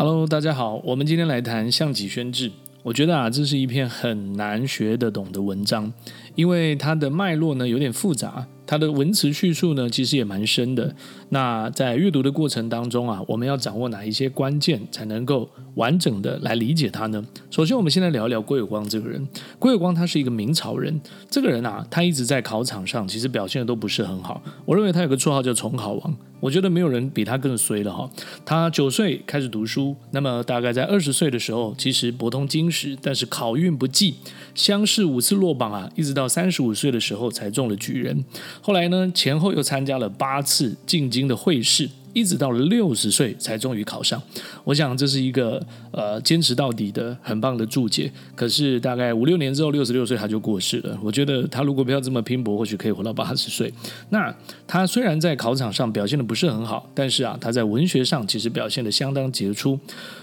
Hello，大家好，我們今天來談《項脊軒志》。我覺得啊，這是一篇很難學得懂的文章，因為它的脈絡呢有點複雜。他的文詞敘述呢，其實也蠻深的。那在閱讀的過程當中啊，我們要掌握哪一些關鍵才能夠完整的來理解他呢？首先，我們先來聊一聊歸有光這個人。歸有光他是一個明朝人，這個人啊，他一直在考場上其實表現的都不是很好。我認為他有個綽號叫“重考王”，我覺得沒有人比他更衰了哈、哦。他九歲開始讀書，那麼大概在二十歲的時候，其實博通經史，但是考運不濟，鄉試五次落榜啊，一直到三十五歲的時候才中了舉人。後來呢，前後又參加了八次進京的會試，一直到了六十歲才終於考上。我想這是一個呃堅持到底的很棒的注解。可是大概五六年之後，六十六歲他就過世了。我覺得他如果不要這麼拼搏，或許可以活到八十歲。那他雖然在考場上表現得不是很好，但是啊，他在文學上其實表現得相當傑出。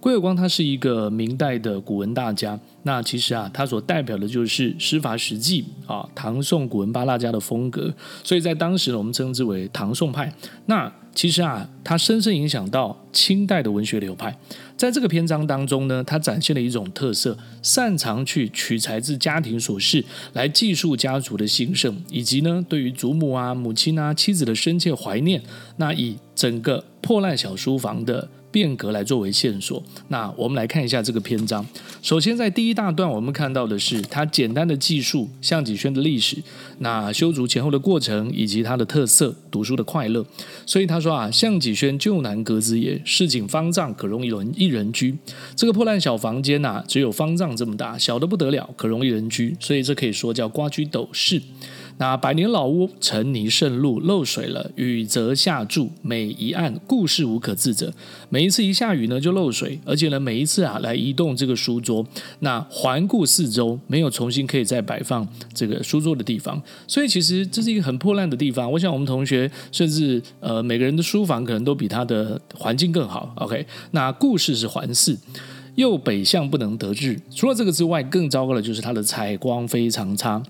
歸有光他是一個明代的古文大家，那其實啊，他所代表的就是師法史記啊，唐宋古文八大家的風格，所以在當時呢，我們稱之為唐宋派。那其實啊，他深深影響到清代的文學流派。在這個篇章當中呢，他展現了一種特色，擅長去取材自家庭瑣事，來記述家族的興盛，以及呢，對於祖母啊、母親啊、妻子的深切懷念。那以整個破爛小書房的。變革來作為線索，那我們來看一下這個篇章。首先，在第一大段，我們看到的是他簡單的記述項脊軒的歷史，那修葺前後的過程以及他的特色，讀書的快樂。所以他說啊，項脊軒舊南閣子也，室僅方丈可容一人一人居。這個破爛小房間吶、啊，只有方丈這麼大小的不得了，可容一人居。所以這可以說叫蝸居斗室。那百年老屋，塵泥滲漉，漏水了，雨澤下注。每移案，顧視無可置者。每一次一下雨呢，就漏水，而且呢，每一次啊，來移動這個書桌，那環顧四周，沒有重新可以再擺放這個書桌的地方，所以其實這是一個很破爛的地方。我想我們同學，甚至呃，每個人的書房可能都比他的環境更好。OK，那顧視是環視，又北向不能得日。除了這個之外，更糟糕的就是它的採光非常差。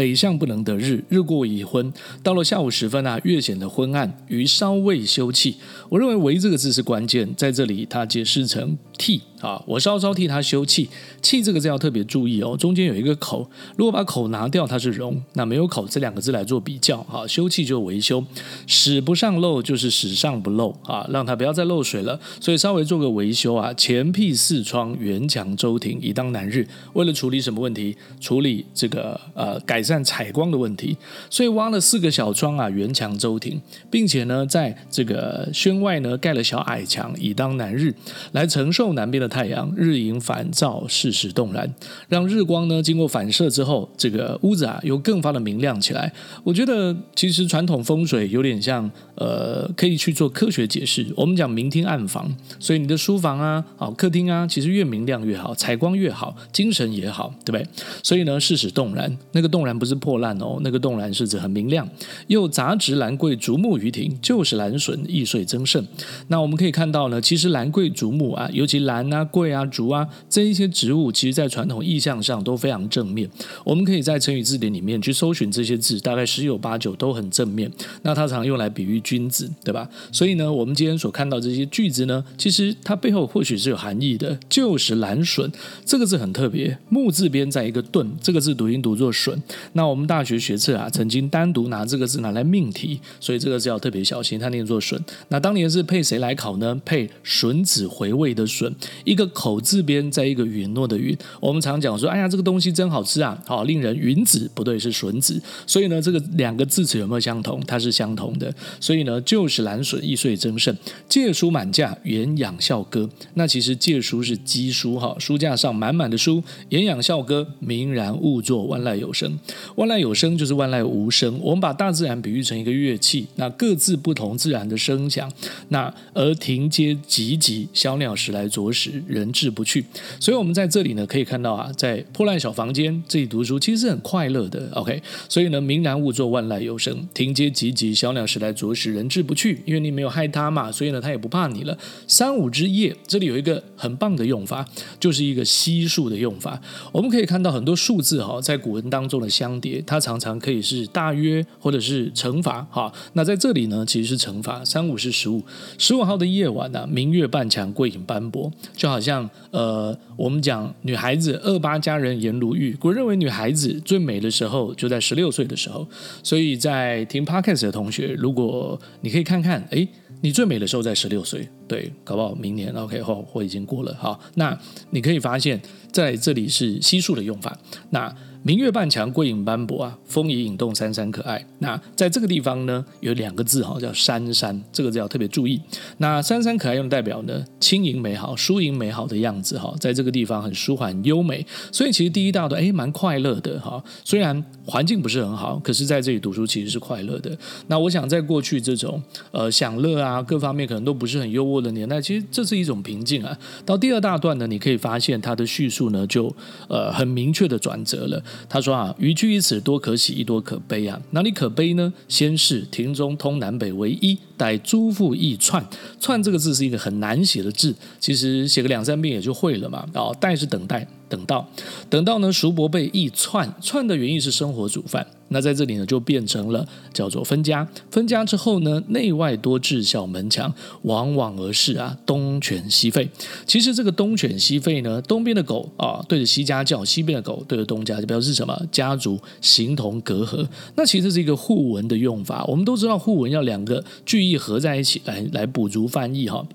北向不能得日，日過已昏，到了下午時分啊，月顯得昏暗，余稍為修葺。我認為“為”這個字是關鍵，在這裡它解釋成“替”啊，我稍稍替他修葺。“葺”這個字要特別注意哦，中間有一個口，如果把口拿掉，它是“茸”，那沒有口這兩個字來做比較啊。修葺就維修，使不上漏就是使上不漏啊，讓它不要再漏水了，所以稍微做個維修啊。前闢四窗，垣牆周庭，以當南日。為了處理什麼問題？處理這個呃改善。佔採光的問題，所以挖了四個小窗啊，垣牆周庭，並且呢，在這個軒外呢蓋了小矮牆，以當南日，來承受南邊的太陽，日影反照，室始洞然，讓日光呢經過反射之後，這個屋子啊，又更發的明亮起來。我覺得其實傳統風水有點像，呃，可以去做科學解釋。我們講明廳暗房，所以你的書房啊，啊客廳啊，其實越明亮越好，採光越好，精神也好，對不對？所以呢，室始洞然，那個洞然，但不是破爛哦，那個洞然是指很明亮，又雜植蘭桂竹木於庭，就是欄楯亦遂增勝。那我們可以看到呢，其實蘭桂竹木啊，尤其蘭啊、桂啊、竹啊這一些植物，其實在傳統意象上都非常正面。我們可以在成語字典裡面去搜尋這些字，大概十有八九都很正面。那它常用來比喻君子，對吧？所以呢，我們今天所看到這些句子呢，其實它背後或許是有含義的，就是欄楯這個字很特別，木字邊在一個盾，這個字讀音讀作筍。那我們大學學測啊，曾經單獨拿這個字拿來命題，所以這個字要特別小心，它念作筍。那當年是配誰來考呢？配筍子回味的筍，一個口字邊，再一個允諾的允。我們常，常講說，哎呀，這個東西真好吃啊，好、哦、令人允子不對，是筍子。所以呢，這個兩個字詞有沒有相同？它是相同的。所以呢，舊時欄楯亦遂增勝，借書滿架，偃仰嘯歌。那其實借書是積書哈，書架上滿滿的書。偃仰嘯歌，冥然兀坐萬籟有聲。萬籟有聲，就是萬籟無聲。我們把大自然比喻成一個樂器，那各自不同自然的聲響。那而庭階寂寂，小鳥時來啄食，人至不去。所以，我們在這裡呢，可以看到啊，在破爛小房間這裡讀書，其實是很快樂的。OK，所以呢，冥然兀坐萬籟有聲，庭階寂寂，小鳥時來啄食，人至不去。因為你沒有害它嘛，所以呢，它也不怕你了。三五之夜，這裡有一個很棒的用法，就是一個虛數的用法。我們可以看到很多數字哈，在古文當中的。相疊，它常常可以是大約或者是乘法哈。那在這裡呢，其實是乘法，三五是十五。十五號的夜晚呢、啊，明月半牆，桂影斑駁，就好像呃，我們講女孩子二八佳人顏如玉。我認為女孩子最美的時候就在十六歲的時候。所以在聽 podcast 的同學，如果你可以看看，哎，你最美的時候在十六歲，對，搞不好明年 OK 好會已經過了哈。那你可以發現，在這裡是悉數的用法。那明月半牆，桂影斑駁啊，風移影，影動，珊珊可愛。那在這個地方呢，有兩個字哈，叫“珊珊”，這個字要特別注意。那“珊珊可愛”又代表呢，輕盈美好、輸盈美好的樣子哈，在這個地方很舒緩、優美。所以其實第一大段哎，蠻快樂的哈。雖然環境不是很好，可是在這裡讀書其實是快樂的。那我想，在過去這種呃享樂啊各方面可能都不是很優渥的年代，其實這是一種平靜啊。到第二大段呢，你可以發現它的敘述呢，就呃很明確的轉折了。他說啊，余居於此，多可喜，亦多可悲啊。哪裡可悲呢？先是庭中通南北為一。待諸父異串爨，這個字是一個很難寫的字，其實寫個兩三遍也就會了嘛。哦，待是等待、等到，等到呢，叔伯被一串串的原意是生活煮飯，那在這裡呢就變成了叫做分家。分家之後呢，內外多治，小門牆，往往而是啊，東犬西吠。其實這個東犬西吠呢，東邊的狗啊、哦、對着西家叫，西邊的狗對着東家，就表示什麼？家族形同隔閡。那其實是一個互文的用法。我們都知道互文要兩個聚合在一起來，來補足翻譯哈。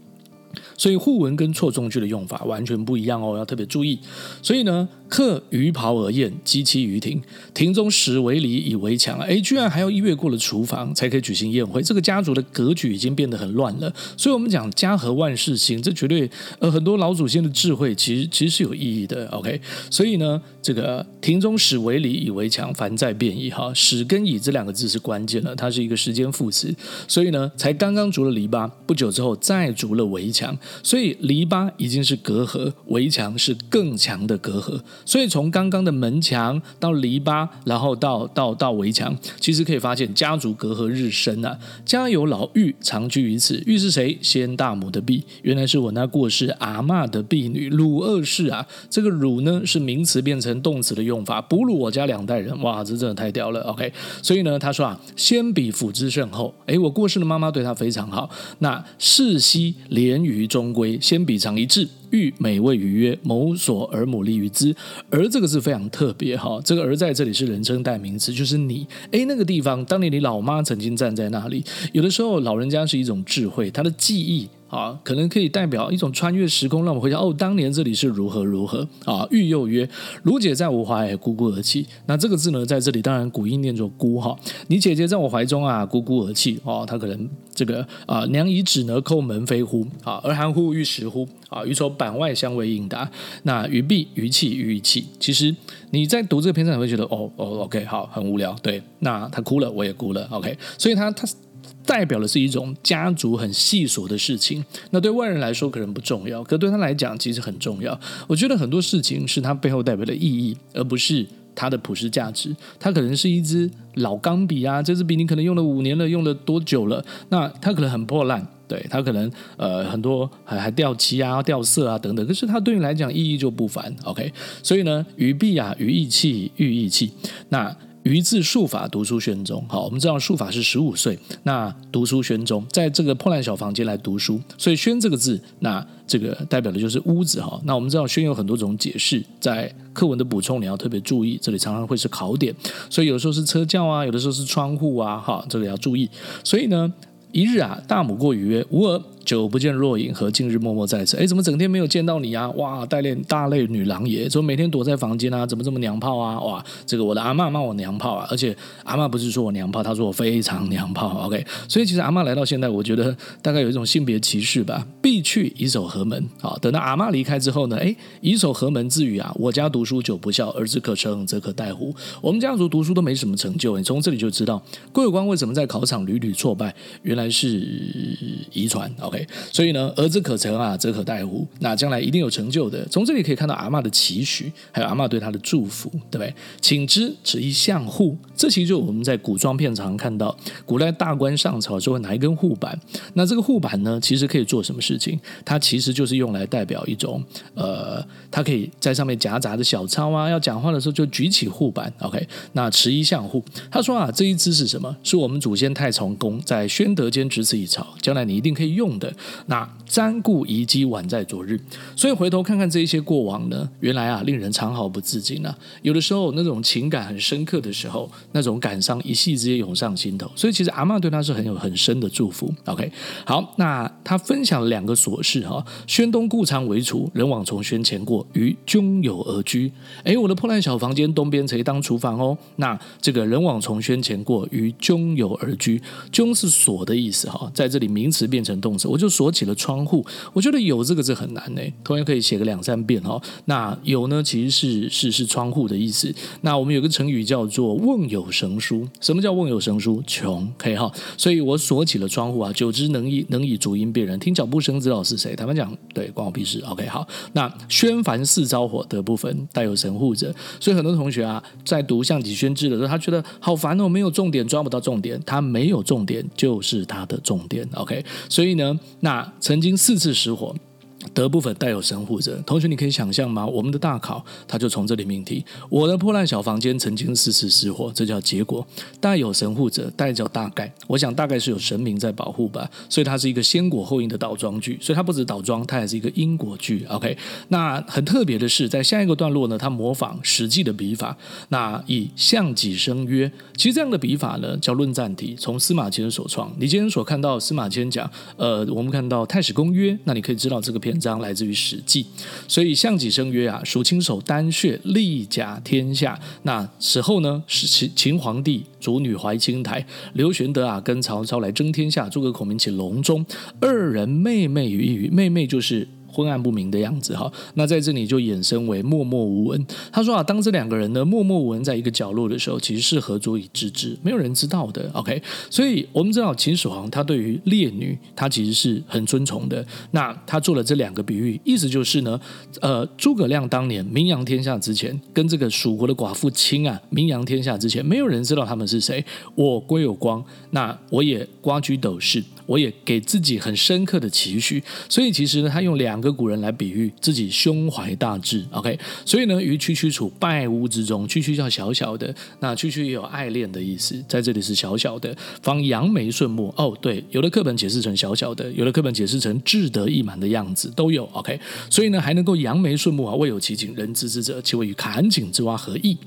所以互文跟錯綜句的用法完全不一樣哦，要特別注意。所以呢，客逾庖而宴，雞棲於庭。庭中始為籬，已為牆。誒，居然還要越過了廚房才可以舉行宴會，這個家族的格局已經變得很亂了。所以我們講家和萬事興，這絕對呃很多老祖先的智慧，其實其實是有意義的。OK，所以呢，這個庭中始為籬，已為牆，凡再變矣。哈、哦，始跟已這兩個字是關鍵了，它是一個時間副詞。所以呢，才剛剛築了籬笆，不久之後再築了圍牆。所以籬笆已經是隔閡，圍牆是更強的隔閡。所以從剛剛的門牆到籬笆，然後到到到圍牆，其實可以發現家族隔閡日深啊。家有老嫗，嘗居於此。嫗是誰？先大母的婢，原來是我那過世阿嬤的婢女。乳二世啊，這個乳呢是名詞變成動詞的用法，哺乳我家兩代人。哇，這真的太屌了。OK，所以呢，他說啊，先妣撫之甚厚。誒，我過世的媽媽對她非常好。那室西連於中閨，先妣嘗一至，嫗每謂余曰，某所，而母立於茲。而這個字非常特別哈，這個而在這裡是人稱代名詞，就是你。哎，那個地方，當年你老媽曾經站在那裡。有的時候，老人家是一種智慧，他的記憶。啊、哦，可能可以代表一種穿越時空，讓我們回想哦，當年這裡是如何如何啊。嫗又曰：“汝姊在我懷，呱呱而泣。”那這個字呢，在這裡當然古音念作‘咕’哈。你姐姐在我懷中啊，呱呱而泣哦。她可能這個啊，娘以指呢，叩門扉乎？啊，而寒乎？欲食乎？啊，魚愁板外相為應答。那魚閉，魚泣，魚泣。其實你在讀這個篇章，你會覺得哦哦，OK，好，很無聊。對，那她哭了，我也哭了。OK，所以她她。她代表的是一種家族很細瑣的事情，那對外人來說可能不重要，可對他來講其實很重要。我覺得很多事情是他背後代表的意義，而不是它的普世價值。它可能是一支老鋼筆啊，這支筆你可能用了五年了，用了多久了？那它可能很破爛，對，它可能呃很多還還掉漆啊、掉色啊等等。可是它對你來講意義就不凡，OK？所以呢，寓弊啊，寓意氣，寓意氣，那。余自束髮讀書軒中，好，我們知道束髮是十五歲，那讀書軒中在這個破爛小房間來讀書，所以軒這個字，那這個代表的就是屋子哈。那我們知道軒有很多種解釋，在課文的補充你要特別注意，這裡常常會是考點，所以有的時候是車轎啊，有的時候是窗戶啊，哈，這個要注意。所以呢，一日啊，大母過余曰：“吾兒。”久不見若影，何竟日默默在此？哎，怎麼整天沒有見到你啊？哇，代練大類女郎也，怎麼每天躲在房間啊？怎麼這麼娘炮啊？哇，這個我的阿嬤媽罵我娘炮啊！而且阿嬤不是說我娘炮，她說我非常娘炮。OK，所以其實阿嬤來到現在，我覺得大概有一種性別歧視吧。比去以手闔門。好、哦，等到阿嬤離開之後呢？哎，以手闔門自語曰啊，我家讀書久不效，兒子可成則可待乎？我們家族讀書都沒什麼成就，你從這裡就知道，歸有光為什麼在考場屢屢挫敗，原來是遺傳。OK。所以呢，兒子可成啊，則可待乎？那將來一定有成就的。從這裡可以看到阿嬤的期許，還有阿嬤對他的祝福，對不對？頃之持一象笏，這其實就是我們在古裝片常看到古代大官上朝之後拿一根笏板。那這個笏板呢，其實可以做什麼事情？它其實就是用來代表一種，呃，它可以在上面夾雜的小抄啊。要講話的時候就舉起笏板。OK，那持一象笏，他說啊，這一支是什麼？是我們祖先太常公在宣德間執此以朝，將來你一定可以用的。那瞻顧遺跡，宛在昨日。所以回頭看看這一些過往呢，原來啊，令人長號不自禁啊。有的時候那種情感很深刻的時候，那種感傷一系直接湧上心頭。所以其實阿嬤對他是很有很深的祝福。OK，好，那他分享了兩個瑣事哈、哦。軒東故嘗為廚，人往從軒前過，余扃牖而居。哎，我的破爛小房間東邊誰當廚房哦？那這個人往從軒前過，余扃牖而居。扃是鎖的意思哈、哦，在這裡名詞變成動詞。我就鎖起了窗戶，我覺得“牖”這個字很難呢。同學可以寫個兩三遍哦。那“牖”呢，其實是是是窗戶的意思。那我們有個成語叫做“甕牖繩樞”。什麼叫“甕牖繩樞”？窮可以哈。所以我鎖起了窗戶啊，久之能以能以足音辨人，聽腳步聲知道是誰。他們講對，關我屁事。OK 好。那“軒凡四遭火”得不焚殆有神護者，所以很多同學啊，在讀《項脊軒志的時候，他覺得好煩哦，沒有重點，抓不到重點。他沒有重點就是他的重點，OK。所以呢。那曾經四次失火。得不焚，殆有神護者，同學，你可以想象嗎？我們的大考，他就從這裡命題。我的破爛小房間曾經四次失火，這叫結果。殆有神護者，殆叫大概。我想大概是有神明在保護吧，所以它是一個先果後因的倒裝句，所以它不止倒裝，它還是一個因果句。OK，那很特別的是，在下一個段落呢，他模仿史記的筆法，那以項脊生曰。其實這樣的筆法呢，叫論贊體，從司馬遷所創。你今天所看到司馬遷講，呃，我們看到太史公曰，那你可以知道這個篇。來自於《史記》，所以項脊生曰：“啊，蜀清守丹穴，利甲天下。”那此後呢？是秦秦皇帝祖女懷清臺，劉玄德啊跟曹操來爭天下，諸葛孔明起隆中，二人妹妹與與妹妹就是。昏暗不明的樣子哈，那在這裡就衍生為默默無聞。他說啊，當這兩個人呢默默無聞在一個角落的時候，其實是何足以知之，沒有人知道的。OK，所以我們知道秦始皇他對於烈女，他其實是很尊崇的。那他做了這兩個比喻，意思就是呢，呃，諸葛亮當年名揚天下之前，跟這個蜀國的寡婦親啊名揚天下之前，沒有人知道他們是誰。我歸有光，那我也瓜居鬥室。我也給自己很深刻的期許，所以其實呢，他用兩個古人來比喻自己胸懷大志。OK，所以呢，於區區處敗屋之中，區區叫小小的，那區區也有愛戀的意思，在這裡是小小的，方揚眉瞬目。哦，對，有的課本解釋成小小的，有的課本解釋成志得意滿的樣子都有。OK，所以呢，還能夠揚眉瞬目啊，未有奇景，人知之者，其謂與坎井之蛙何異？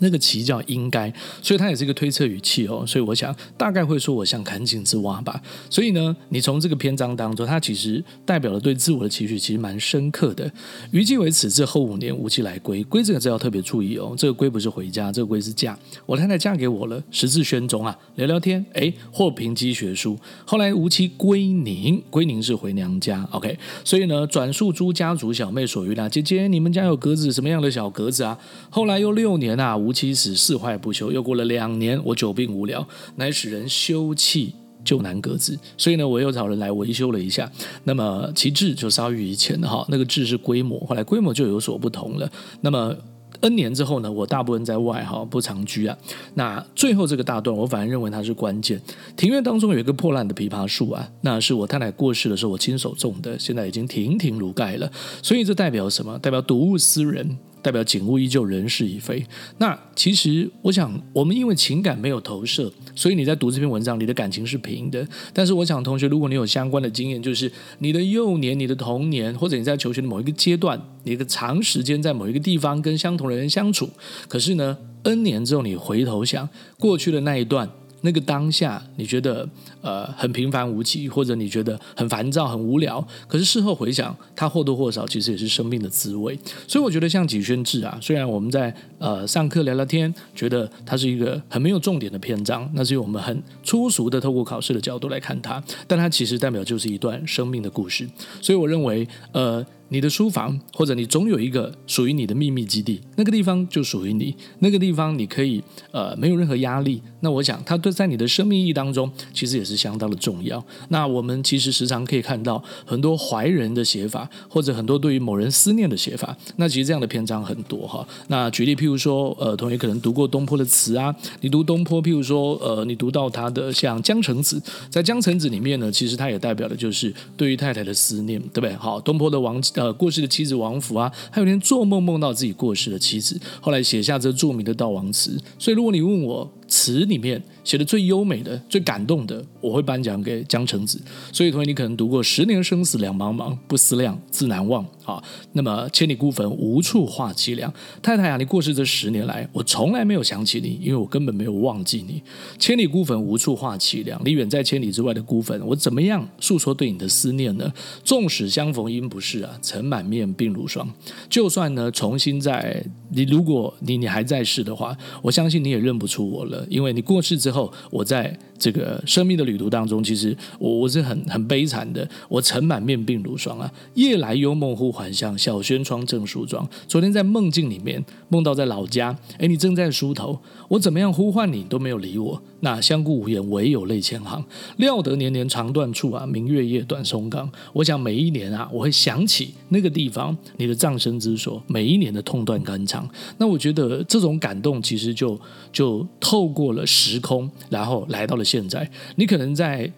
那個其叫應該，所以它也是一個推測語氣哦。所以我想大概會說，我像坎井之蛙吧。所以呢，你從這個篇章當中，它其實代表了對自我的期許，其實蠻深刻的。余既為此志，後五年，吾妻來歸，歸這個字要特別注意哦。這個歸不是回家，這個歸是嫁。我太太嫁給我了。時至軒中啊，聊聊天。哎，或憑幾學書。後來吾妻歸寧，歸寧是回娘家。OK，所以呢，轉述諸家族小妹所云啊，姐姐，你們家有閣子什麼樣的小閣子啊？後來又六年啊，吾妻死，室壞不修，又過了兩年，我久病無聊，乃使人修葺，舊南閣子。所以呢，我又找人來維修了一下。那麼其制就稍於以前的哈。那個制是規模，後來規模就有所不同了。那麼 n 年之後呢，我大部分在外哈，不常居啊。那最後這個大段，我反而認為它是關鍵。庭院當中有一個破爛的枇杷樹啊，那是我太太過世的時候我親手種的，現在已經亭亭如蓋了。所以這代表什麼？代表睹物思人。代表景物依舊，人事已非。那其實，我想，我們因為情感沒有投射，所以你在讀這篇文章，你的感情是平的。但是，我想同學，如果你有相關的經驗，就是你的幼年、你的童年，或者你在求學的某一個階段，你的長時間在某一個地方跟相同的人相處，可是呢，n 年之後你回頭想，過去的那一段。那個當下，你覺得呃很平凡無奇，或者你覺得很煩躁、很無聊。可是事後回想，它或多或少其實也是生命的滋味。所以我覺得像《脊軒志》啊，雖然我們在呃上課聊聊天，覺得它是一個很沒有重點的篇章，那是我們很粗俗的透過考試的角度來看它，但它其實代表就是一段生命的故事。所以我認為呃，你的書房，或者你總有一個屬於你的秘密基地，那個地方就屬於你，那個地方你可以呃沒有任何壓力。那我想，它對在你的生命意義當中，其實也是相當的重要。那我們其實時常可以看到很多懷人的寫法，或者很多對於某人思念的寫法。那其實這樣的篇章很多哈。那舉例，譬如說，呃，同學可能讀過東坡的詞啊，你讀東坡，譬如說，呃，你讀到他的像《江城子》，在《江城子》裡面呢，其實他也代表的就是對於太太的思念，對不對？好、哦，東坡的王。呃，過世的妻子王弗啊，還有連做夢夢到自己過世的妻子，後來寫下這著名的悼亡詞。所以，如果你問我詞裡面，寫的最優美的、最感動的，我會頒獎給江城子。所以，同學，你可能讀過“十年生死兩茫茫，不思量，自難忘”啊。那麼，“千里孤墳，無處話淒涼”。太太啊，你過世這十年來，我從來沒有想起你，因為我根本沒有忘記你。“千里孤墳，無處話淒涼”。你遠在千里之外的孤墳，我怎麼樣訴說對你的思念呢？“縱使相逢應不識啊，塵滿面，鬢如霜。”就算呢，重新再你，你，如果你你還在世的話，我相信你也認不出我了，因為你過世之後。我在這個生命的旅途當中，其實我我是很很悲慘的，我塵滿面，鬢如霜啊。夜來幽夢忽還鄉，小軒窗正梳妝。昨天在夢境裡面，夢到在老家，哎，你正在梳頭，我怎麼樣呼喚你都沒有理我，那相顧無言，唯有淚千行。料得年年腸斷處啊，明月夜，短松岡。我想每一年啊，我會想起那個地方，你的葬身之所，每一年的痛斷肝腸。那我覺得這種感動，其實就就透過了時空。然後來到了現在，你可能在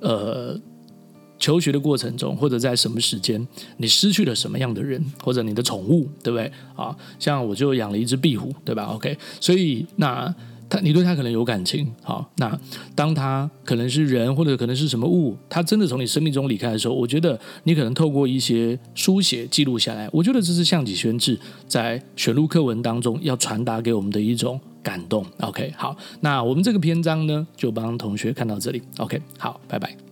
呃求學的過程中，或者在什麼時間，你失去了什麼樣的人，或者你的寵物，對不對？啊、哦，像我就養了一隻壁虎，對吧？OK，所以那他，你對他可能有感情，好、哦，那當他可能是人，或者可能是什麼物，他真的從你生命中離開的時候，我覺得你可能透過一些書寫記錄下來，我覺得這是項脊軒志在選錄課文當中要傳達給我們的一種感動，OK，好，那我們這個篇章呢，就幫同學看到這裡，OK，好，拜拜。